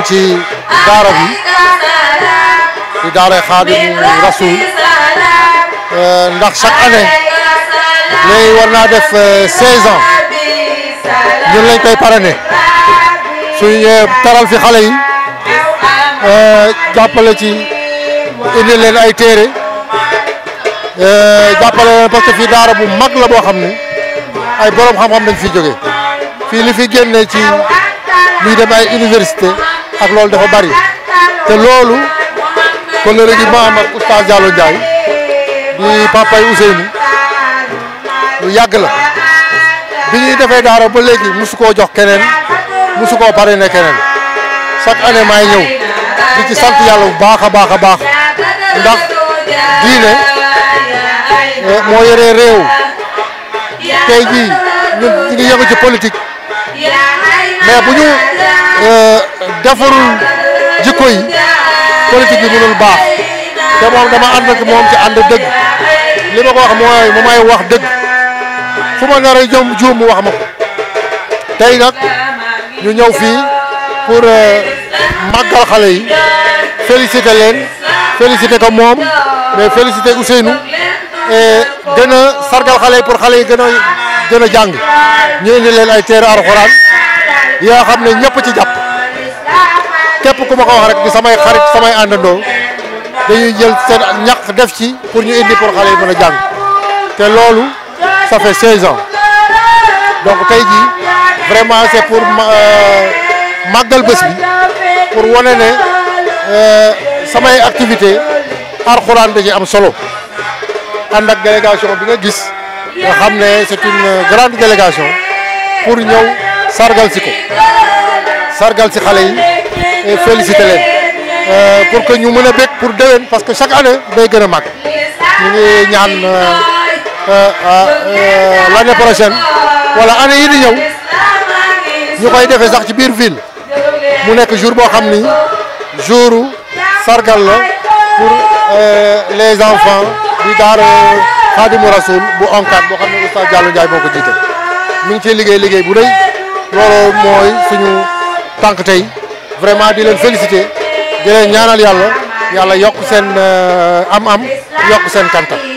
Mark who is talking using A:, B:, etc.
A: ñëwoon ci daara bi di daara Xaadim euh, ndax chaque année léegi war naa def 16 euh, ans ñun lañ koy parrainer suñ euh, taral fi xale yi jàppale ci indi ay téere jàppale leen parce que fii daara bu mag xam ne ay borom xam-xam dañ fi jógee fii li fi génne ci muy ay université ak loolu dafa bari te loolu kóllëre gi ma am ak oustaz Diallo Ndiaye di papay Ousseynou lu yàgg la bi ñuy defee daara ba léegi musu koo jox keneen musu koo pare ne keneen chaque année maay ñëw di ci sant yàlla bu baax a baax a baax ndax diine eh, moo yore réew tey jii ñun ñu ngi yëngu ci politique mais bu ñu euh, defarul jikko yi politique bi mënul baax te moom dama ànd ak moom ci ànd dëgg li ma ko wax mooy may wax dëgg fu ma nar a jëm juum mu wax ma ko tey nag ñu ñëw fii pour euh, màggal xale yi féliciter leen féliciter ko moom mais féliciter Ousseynou et gën a sargal xale yi pour xale yi gën a gën a jàng ñu indi leen ay téere alxuraan yoo xam ne ñëpp ci jàpp képp ku ma ko wax rek di samay xarit samay àndandoo dañuy jël seen ñaq def ci pour ñu indi pour xale yi mën a jàng te loolu ça fait 16 ans donc tey jii vraiment c'est pour euh, màggal bés bi pour wane ne euh, samay activité alxuraan da am solo ànd ak délégation bi nga gis nga xam ne c'est une grande délégation pour ñëw. sargal si ko sargal si xale yi et le leen euh, pour que ñu mën a bég pour déwén parce que chaque année day gën a màgg ñu ngi ñaan euh, euh, l'année prochaine wala année yi di ñëw
B: ñu koy defee sax
A: ci biir ville mu nekk jour boo xam ni jour sargal la pour les enfants du daara Xaadimu Rasul bu ONCAD boo xam ne Oustaz Diallo Ndiaye moo ko jiite mi ngi ciy liggéey liggéey bu rëy. loolu mooy suñu tànk tey vraiment di leen féliciter di leen ñaanal yàlla yàlla yokk seen euh, am-am yokk seen kàntan